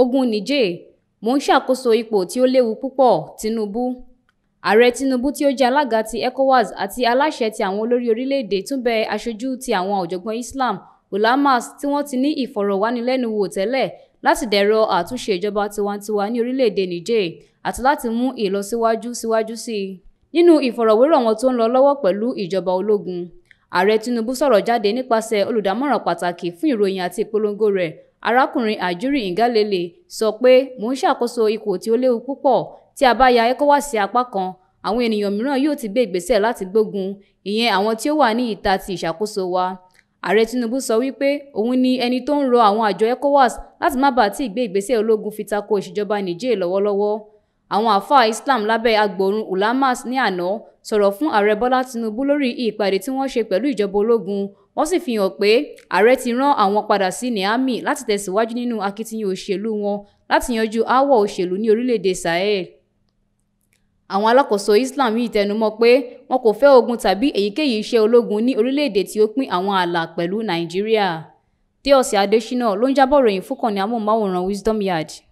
ogun niger mò ń ṣàkóso ipò tí ó léwu púpọ̀ tinubu ààrẹ tinubu tí ó jẹ́ alága ti ecowas àti aláṣẹ ti àwọn olórí orílẹ̀-èdè tún bẹ aṣojú ti àwọn ọ̀jọ̀gbọ́n islam ulamas tí wọ́n ti ní ìfọ̀rọ̀wánilẹ́nuwò tẹ́lẹ̀ láti dẹ̀rọ àtúnṣe ìjọba tiwantiwa ní orílẹ̀-èdè niger àti láti mú ìlọsíwájú síwájú sí i nínú ìfọ̀rọ̀wérọ̀ wọn tó ń lọ lọ́wọ́ pẹ̀lú ìjọba ológun ààrẹ tinubu sọ̀rọ̀ jáde nípasẹ̀ olùdámọ̀ràn pàtàkì fún ìròyìn àti ìpolongo rẹ̀ arákùnrin àjúrì ngalale sọ pé mò ń ṣàkóso ipò tí ó léwu púpọ̀ tí a bá ya ecowas sí apá kan àwọn ènìyàn mìíràn yóò ti gbé ìgbésẹ̀ láti gbógun ìyẹn àwọn tí ó wà ní ìta ti ìṣàkóso wa ààrẹ tinubu sọ wípé òun ni ẹni tó ń rọ àwọn àjọ ecowas láti má bàa tí ì gbé ìgbésẹ̀ ológun fi tako ìṣèjọba niger lọ́wọ́lọ́wọ́ Àwọn àfáà Islam lábẹ́ agbòòrùn Ulamas ní àná sọ̀rọ̀ fún Ààrẹ Bọ́lá Tinubu lórí ìpàdé tí wọ́n ṣe pẹ̀lú ìjọba ológun wọ́n sì fi hàn pé ààrẹ ti rán àwọn padà sí Niamey láti tẹ̀síwájú nínú akitiyan òṣèlú wọn láti yanjú aáwọ̀ òṣèlú ní orílẹ̀-èdè Sahel. Àwọn alákòóso Islam yìí tẹnumọ́ pé wọn kò fẹ́ ogun tàbí èyíkéyìí iṣẹ́ ológun ní orílẹ̀-èdè tí ó pín àwọn ààlà pẹ̀lú Nàìjíríà. Téọ̀sì Adéṣínà ló ń jábọ̀ ròyìn fúnkànnì amóhùnmáwòrán Wisdom Yard.